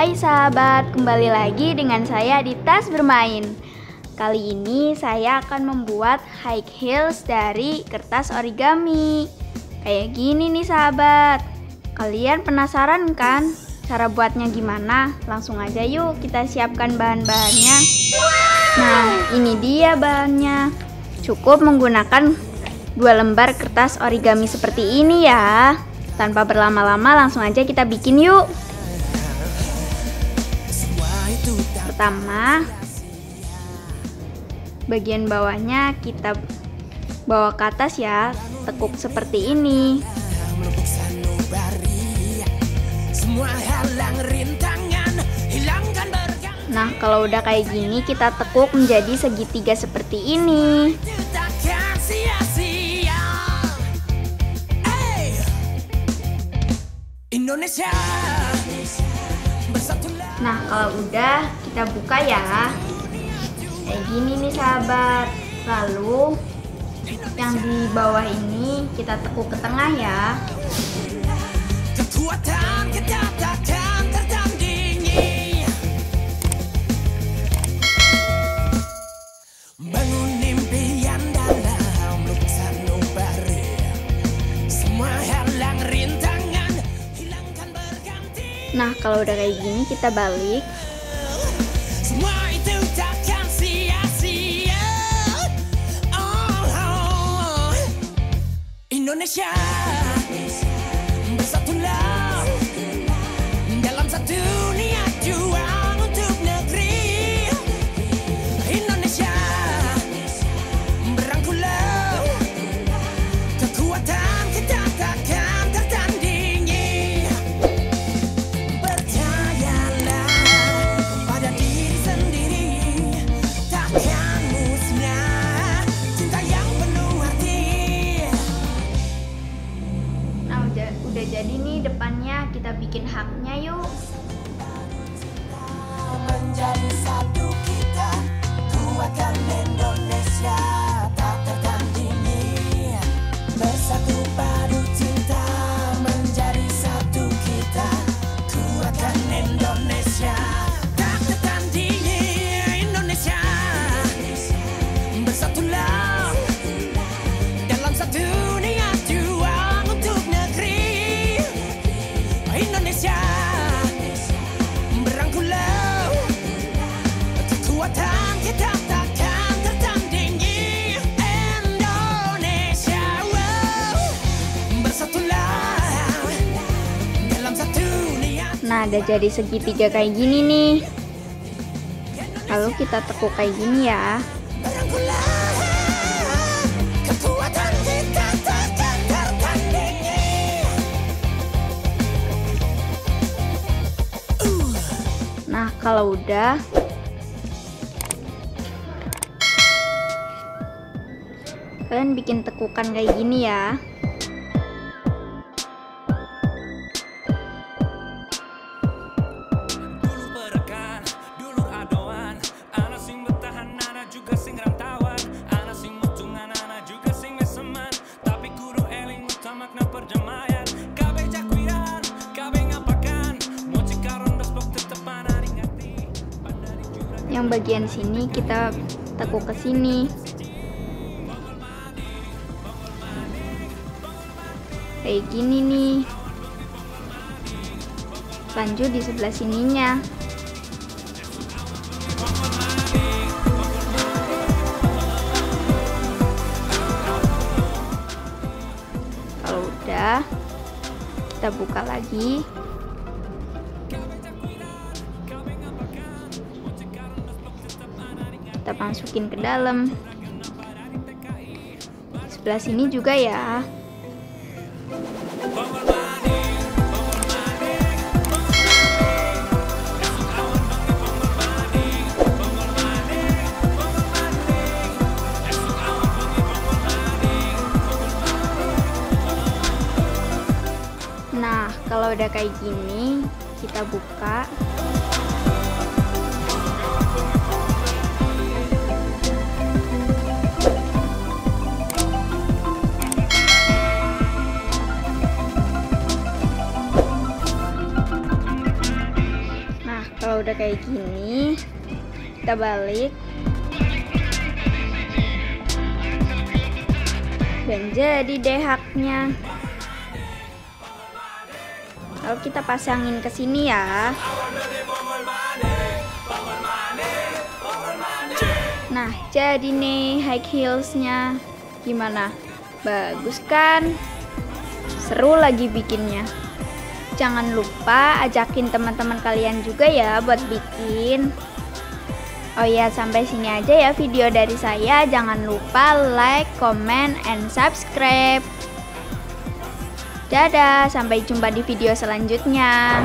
Hai sahabat, kembali lagi dengan saya di Tas Bermain. Kali ini saya akan membuat high heels dari kertas origami. Kayak gini nih sahabat. Kalian penasaran kan cara buatnya gimana? Langsung aja yuk kita siapkan bahan-bahannya. Nah, ini dia bahannya. Cukup menggunakan dua lembar kertas origami seperti ini ya. Tanpa berlama-lama langsung aja kita bikin yuk. Pertama, bagian bawahnya kita bawa ke atas ya, tekuk seperti ini. Nah, kalau udah kayak gini kita tekuk menjadi segitiga seperti ini. Indonesia Nah, kalau udah kita buka ya. Kayak gini nih sahabat. Lalu yang di bawah ini kita tekuk ke tengah ya. Kekuatan kita Nah, kalau udah kayak gini kita balik. Oh, oh, oh. Indonesia jadi nih depannya kita bikin haknya yuk. Menjadi satu kita kuatkan Nah, jadi segitiga kayak gini nih. Lalu kita tekuk kayak gini ya. Nah, kalau udah kalian bikin tekukan kayak gini ya. yang bagian sini kita tekuk ke sini kayak gini nih lanjut di sebelah sininya kalau udah kita buka lagi kita masukin ke dalam sebelah sini juga ya Nah, kalau udah kayak gini, kita buka. udah kayak gini kita balik dan jadi deh haknya lalu kita pasangin ke sini ya nah jadi nih high heelsnya gimana bagus kan seru lagi bikinnya jangan lupa ajakin teman-teman kalian juga ya buat bikin. Oh ya, sampai sini aja ya video dari saya. Jangan lupa like, comment, and subscribe. Dadah, sampai jumpa di video selanjutnya.